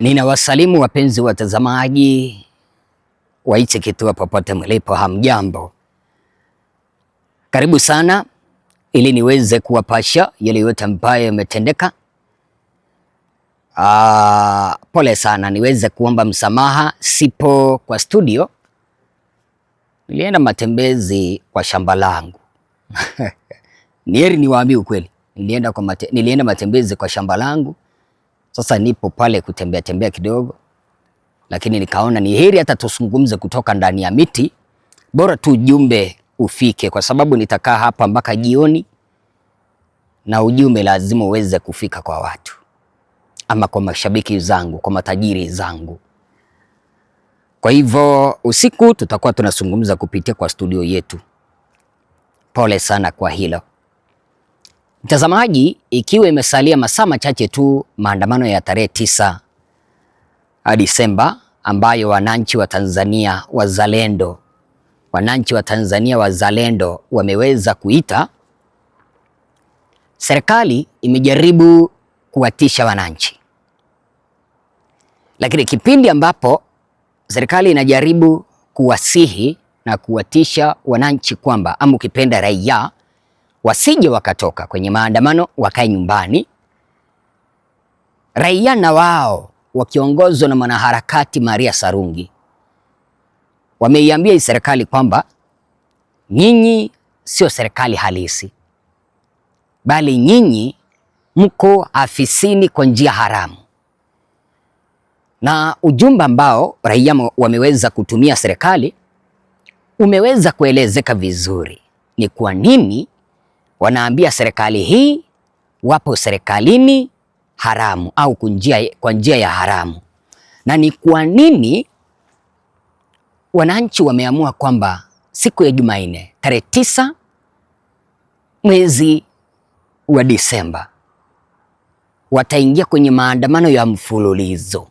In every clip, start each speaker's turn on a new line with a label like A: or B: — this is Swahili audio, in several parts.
A: Ninawasalimu wapenzi watazamaji wa hichi kituo popote mlipo, hamjambo? Karibu sana ili niweze kuwapasha yale yote ambayo yametendeka. Ah, pole sana, niweze kuomba msamaha, sipo kwa studio, nilienda matembezi kwa shamba langu nieri niwaambie ukweli, nilienda, mate, nilienda matembezi kwa shamba langu sasa nipo pale kutembea tembea kidogo, lakini nikaona ni heri hata tuzungumze kutoka ndani ya miti, bora tu ujumbe ufike, kwa sababu nitakaa hapa mpaka jioni na ujumbe lazima uweze kufika kwa watu ama kwa mashabiki zangu, kwa matajiri zangu. Kwa hivyo usiku tutakuwa tunazungumza kupitia kwa studio yetu. Pole sana kwa hilo. Mtazamaji, ikiwa imesalia masaa machache tu maandamano ya tarehe tisa Disemba ambayo wananchi wa Tanzania wazalendo wananchi wa Tanzania wazalendo wameweza kuita, serikali imejaribu kuwatisha wananchi, lakini kipindi ambapo serikali inajaribu kuwasihi na kuwatisha wananchi kwamba ama ukipenda raia wasije wakatoka kwenye maandamano, wakae nyumbani. Raia na wao wakiongozwa na mwanaharakati Maria Sarungi wameiambia hii serikali kwamba nyinyi sio serikali halisi, bali nyinyi mko afisini kwa njia haramu. Na ujumbe ambao raia wameweza kutumia serikali umeweza kuelezeka vizuri, ni kwa nini wanaambia serikali hii wapo serikalini haramu au kwa njia ya haramu. Na ni kwa nini wananchi wameamua kwamba siku ya Jumanne tarehe tisa mwezi wa Disemba wataingia kwenye maandamano ya mfululizo?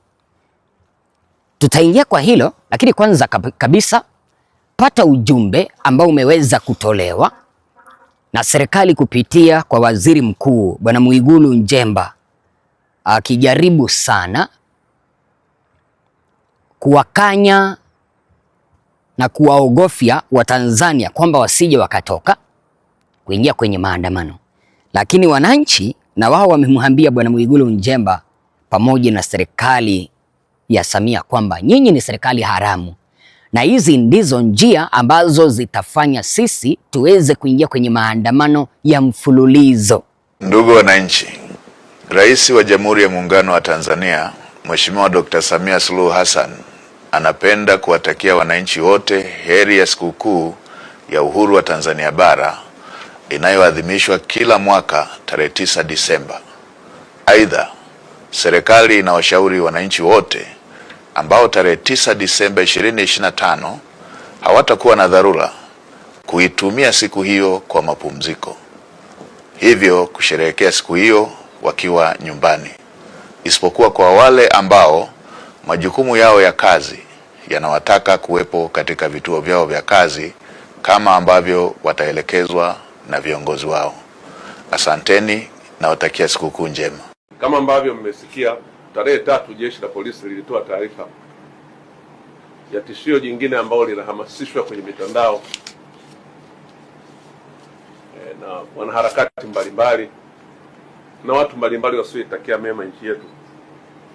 A: Tutaingia kwa hilo, lakini kwanza kabisa pata ujumbe ambao umeweza kutolewa na serikali kupitia kwa waziri mkuu Bwana Mwigulu njemba akijaribu sana kuwakanya na kuwaogofya Watanzania kwamba wasije wakatoka kuingia kwenye maandamano, lakini wananchi na wao wamemwambia Bwana Mwigulu njemba pamoja na serikali ya Samia kwamba nyinyi ni serikali haramu, na hizi ndizo njia ambazo zitafanya sisi tuweze kuingia kwenye maandamano ya mfululizo.
B: Ndugu wananchi, Rais wa Jamhuri ya Muungano wa Tanzania Mheshimiwa Dr. Samia Suluhu Hassan anapenda kuwatakia wananchi wote heri ya sikukuu ya uhuru wa Tanzania bara inayoadhimishwa kila mwaka tarehe 9 Disemba. Aidha, serikali inawashauri wananchi wote ambao tarehe 9 Disemba 2025 hawatakuwa na dharura kuitumia siku hiyo kwa mapumziko, hivyo kusherehekea siku hiyo wakiwa nyumbani, isipokuwa kwa wale ambao majukumu yao ya kazi yanawataka kuwepo katika vituo vyao vya kazi kama ambavyo wataelekezwa na viongozi wao. Asanteni, nawatakia sikukuu njema.
C: Kama ambavyo mmesikia Tarehe tatu jeshi la polisi lilitoa taarifa ya tishio jingine ambalo linahamasishwa kwenye mitandao e, na wanaharakati mbalimbali na watu mbalimbali wasioitakia mema nchi yetu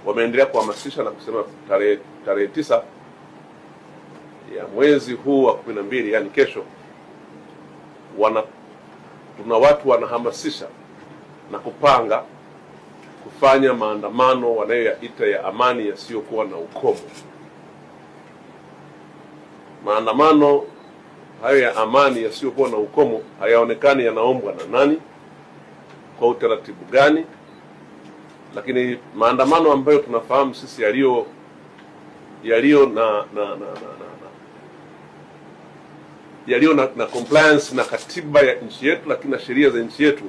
C: wameendelea kuhamasisha na kusema tarehe tarehe tisa ya mwezi huu wa kumi na mbili yani kesho, wana kuna watu wanahamasisha na kupanga kufanya maandamano wanayoyaita ya amani yasiyokuwa na ukomo. Maandamano hayo ya amani yasiyokuwa na ukomo hayaonekani yanaombwa na nani, kwa utaratibu gani, lakini maandamano ambayo tunafahamu sisi yaliyo yaliyo na na, na, na, na, yaliyo na, na compliance na katiba ya nchi yetu, lakini na sheria za nchi yetu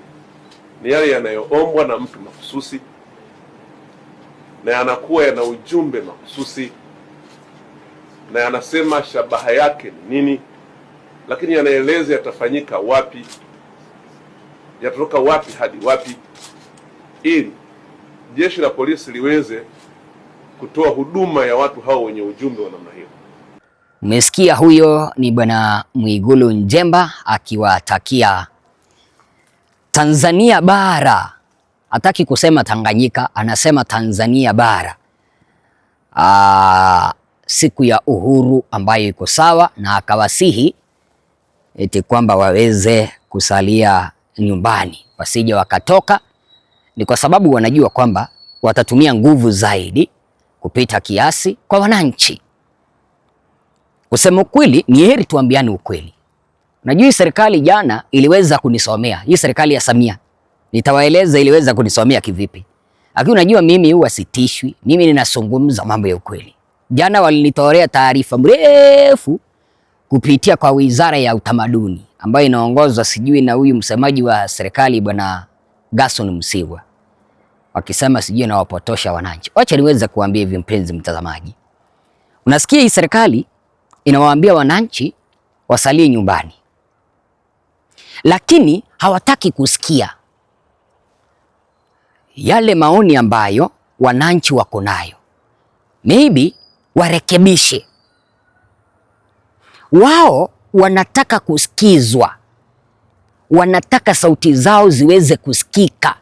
C: ni yale yanayoombwa na mtu mahususi na yanakuwa yana ujumbe mahususi na yanasema shabaha yake ni nini, lakini yanaeleza yatafanyika wapi, yatatoka wapi hadi wapi, ili jeshi la polisi liweze kutoa huduma ya watu hao wenye ujumbe wa namna hiyo.
A: umesikia huyo ni Bwana Mwigulu njemba akiwatakia Tanzania bara, hataki kusema Tanganyika, anasema Tanzania bara. Aa, ah, siku ya uhuru ambayo iko sawa, na akawasihi eti kwamba waweze kusalia nyumbani, wasije wakatoka. Ni kwa sababu wanajua kwamba watatumia nguvu zaidi kupita kiasi kwa wananchi. Kusema ukweli, ni heri tuambiane ukweli. Najua serikali jana iliweza kunisomea. Hii serikali ya Samia. Nitawaeleza iliweza kunisomea kivipi. Lakini unajua mimi huwa sitishwi. Mimi ninazungumza mambo ya ukweli. Jana walinitorea taarifa mrefu kupitia kwa Wizara ya Utamaduni ambayo inaongozwa sijui na huyu msemaji wa serikali Bwana Gaston Msigwa. Wakisema sijui nawapotosha wananchi. Wacha niweze kuambia hivi, mpenzi mtazamaji. Unasikia hii serikali inawaambia wananchi wasalie nyumbani lakini hawataki kusikia yale maoni ambayo wananchi wako nayo, maybe warekebishe. Wao wanataka kusikizwa, wanataka sauti zao ziweze kusikika,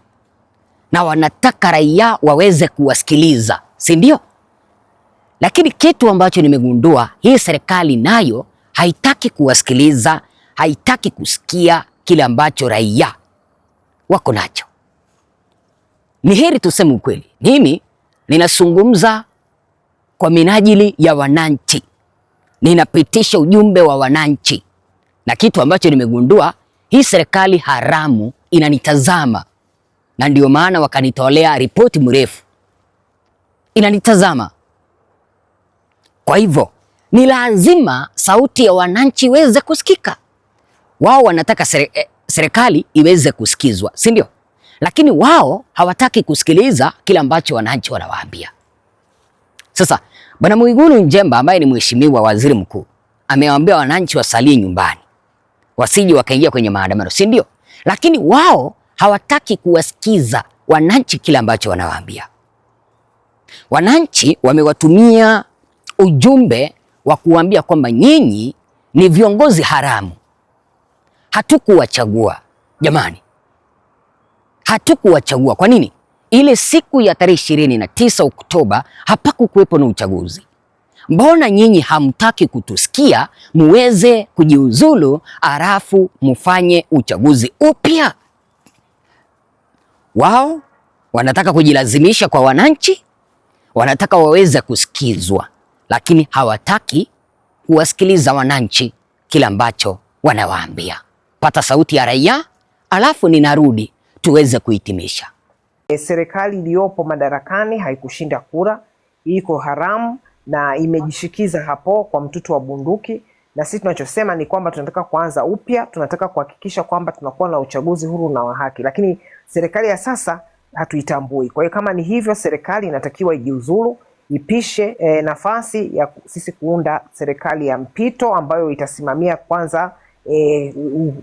A: na wanataka raia waweze kuwasikiliza, si ndio? Lakini kitu ambacho nimegundua, hii serikali nayo haitaki kuwasikiliza, haitaki kusikia kile ambacho raia wako nacho. Ni heri tuseme ukweli. Mimi ninazungumza kwa minajili ya wananchi, ninapitisha ujumbe wa wananchi, na kitu ambacho nimegundua, hii serikali haramu inanitazama, na ndio maana wakanitolea ripoti mrefu, inanitazama. Kwa hivyo ni lazima sauti ya wananchi iweze kusikika wao wanataka eh, serikali iweze kusikizwa, si ndio? Lakini wao hawataki kusikiliza kile ambacho wananchi wanawaambia. Sasa Bwana Mwigulu njemba ambaye ni mheshimiwa waziri mkuu amewaambia wananchi wasalie nyumbani, wasije wakaingia kwenye maandamano, si ndio? Lakini wao hawataki kuwasikiza wananchi kile ambacho wanawaambia. Wananchi wamewatumia ujumbe wa kuwaambia kwamba nyinyi ni viongozi haramu, Hatukuwachagua jamani, hatukuwachagua. Kwa nini? Ile siku ya tarehe ishirini na tisa Oktoba hapakukuwepo na uchaguzi. Mbona nyinyi hamtaki kutusikia muweze kujiuzulu, halafu mufanye uchaguzi upya? Wao wanataka kujilazimisha kwa wananchi, wanataka waweze kusikizwa, lakini hawataki kuwasikiliza wananchi kile ambacho wanawaambia pata sauti ya raia, alafu ninarudi tuweze kuhitimisha.
D: E, serikali iliyopo madarakani haikushinda kura, iko haramu na imejishikiza hapo kwa mtutu wa bunduki, na sisi tunachosema ni kwamba tunataka kuanza upya, tunataka kuhakikisha kwamba tunakuwa na uchaguzi huru na wa haki, lakini serikali ya sasa hatuitambui. Kwa hiyo kama ni hivyo, serikali inatakiwa ijiuzuru, ipishe e, nafasi ya sisi kuunda serikali ya mpito ambayo itasimamia kwanza e,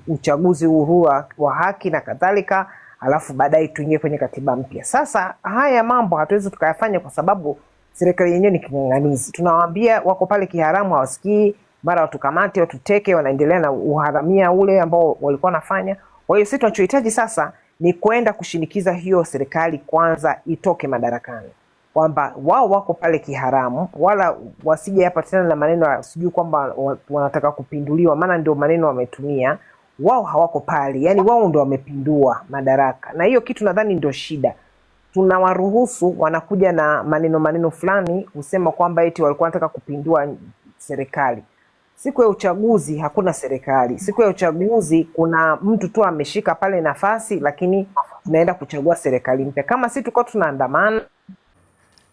D: uchaguzi huru wa haki na kadhalika, alafu baadaye tuingie kwenye katiba mpya. Sasa haya mambo hatuwezi tukayafanya kwa sababu serikali yenyewe ni king'ang'anizi. Tunawaambia wako pale kiharamu, hawasikii, mara watukamate, watuteke, wanaendelea na uharamia ule ambao walikuwa wanafanya. Kwa hiyo sisi tunachohitaji sasa ni kwenda kushinikiza hiyo serikali kwanza itoke madarakani kwamba wao wako pale kiharamu, wala wasije hapa tena na maneno sijui kwamba wanataka kupinduliwa, maana ndio maneno wametumia wao. Hawako pale, yani wao ndio wamepindua madaraka, na hiyo kitu nadhani ndio shida. Tunawaruhusu, wanakuja na maneno maneno fulani husema kwamba eti walikuwa wanataka kupindua serikali. Siku ya uchaguzi hakuna serikali. Siku ya uchaguzi kuna mtu tu ameshika pale nafasi, lakini tunaenda kuchagua serikali mpya. Kama si tulikuwa tunaandamana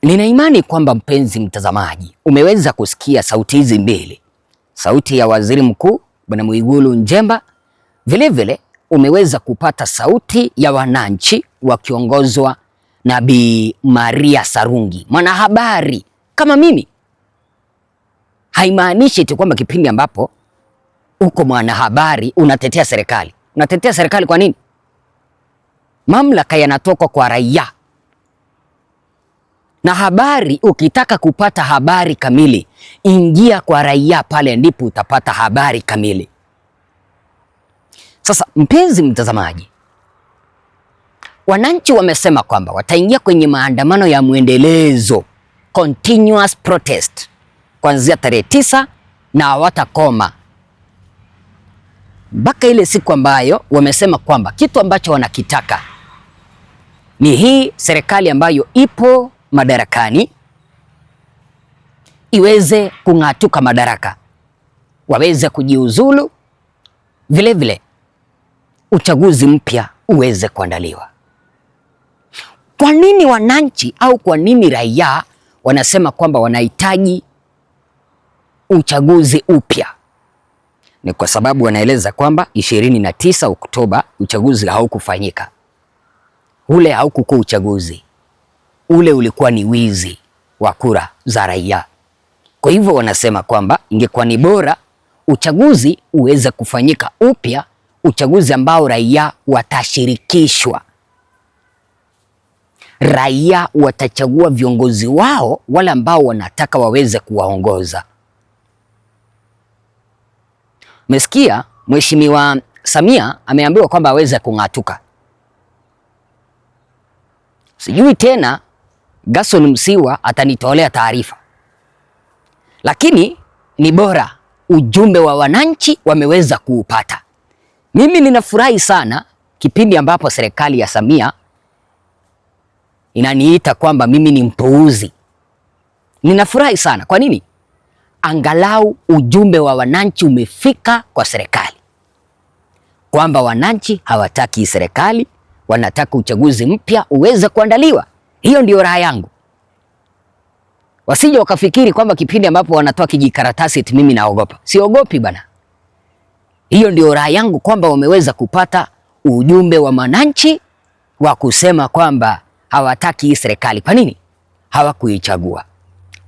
A: Nina imani kwamba mpenzi mtazamaji umeweza kusikia sauti hizi mbili, sauti ya Waziri Mkuu Bwana Mwigulu njemba vilevile umeweza kupata sauti ya wananchi wakiongozwa na Bi Maria Sarungi, mwanahabari kama mimi. Haimaanishi tu kwamba kipindi ambapo uko mwanahabari unatetea serikali. Unatetea serikali kwa nini? Mamlaka yanatoka kwa raia na habari, ukitaka kupata habari kamili, ingia kwa Raia, pale ndipo utapata habari kamili. Sasa mpenzi mtazamaji, wananchi wamesema kwamba wataingia kwenye maandamano ya mwendelezo, continuous protest, kuanzia tarehe tisa na hawatakoma mpaka ile siku ambayo wamesema kwamba kitu ambacho wanakitaka ni hii serikali ambayo ipo madarakani iweze kung'atuka madaraka, waweze kujiuzulu, vilevile uchaguzi mpya uweze kuandaliwa. Kwa nini wananchi au kwa nini raia wanasema kwamba wanahitaji uchaguzi upya? Ni kwa sababu wanaeleza kwamba 29 Oktoba uchaguzi haukufanyika, ule haukukuwa uchaguzi ule ulikuwa ni wizi wa kura za raia. Kwa hivyo wanasema kwamba ingekuwa ni bora uchaguzi uweze kufanyika upya, uchaguzi ambao raia watashirikishwa, raia watachagua viongozi wao wale ambao wanataka waweze kuwaongoza. Mesikia Mheshimiwa Samia ameambiwa kwamba aweze kung'atuka, sijui tena Gaston Msiwa atanitolea taarifa, lakini ni bora ujumbe wa wananchi wameweza kuupata. Mimi ninafurahi sana kipindi ambapo serikali ya Samia inaniita kwamba mimi ni mpuuzi. Ninafurahi sana. Kwa nini? Angalau ujumbe wa wananchi umefika kwa serikali kwamba wananchi hawataki serikali, wanataka uchaguzi mpya uweze kuandaliwa. Hiyo ndio raha yangu, wasije wakafikiri kwamba kipindi ambapo wanatoa kijikaratasi eti mimi naogopa. Siogopi bana, hiyo ndio raha yangu kwamba wameweza kupata ujumbe wa mwananchi wa kusema kwamba hawataki hii serikali. Kwa nini hawakuichagua?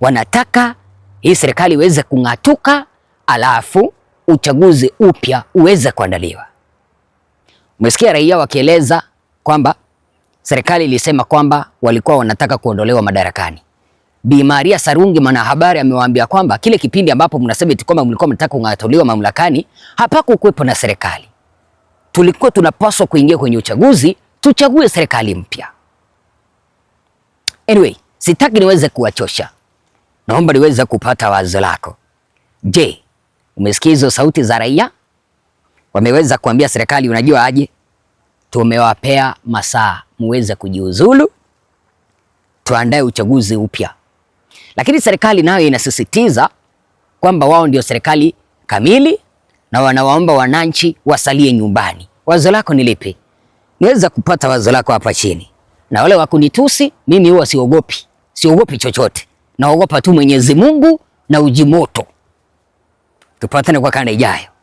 A: Wanataka hii serikali iweze kung'atuka, alafu uchaguzi upya uweze kuandaliwa. Umesikia raia wakieleza kwamba serikali ilisema kwamba walikuwa wanataka kuondolewa madarakani. Bi Maria Sarungi mwanahabari amewaambia kwamba kile kipindi ambapo mnasema eti kwamba mlikuwa mnataka kung'atuliwa mamlakani, hapakukuwepo na serikali. Tulikuwa tunapaswa kuingia kwenye uchaguzi tuchague serikali mpya. Anyway, sitaki niweze kuwachosha, naomba niweze kupata wazo lako. Je, umesikia hizo sauti za raia? Wameweza kuambia serikali unajua aje, tumewapea masaa muweze kujiuzulu, tuandae uchaguzi upya. Lakini serikali nayo inasisitiza kwamba wao ndio serikali kamili na wanawaomba wananchi wasalie nyumbani. Wazo lako ni lipi? Niweza kupata wazo lako hapa chini, na wale wakunitusi mimi huwa siogopi, siogopi chochote, naogopa tu Mwenyezi Mungu na Ujimoto. Tupatane kwa kanda ijayo.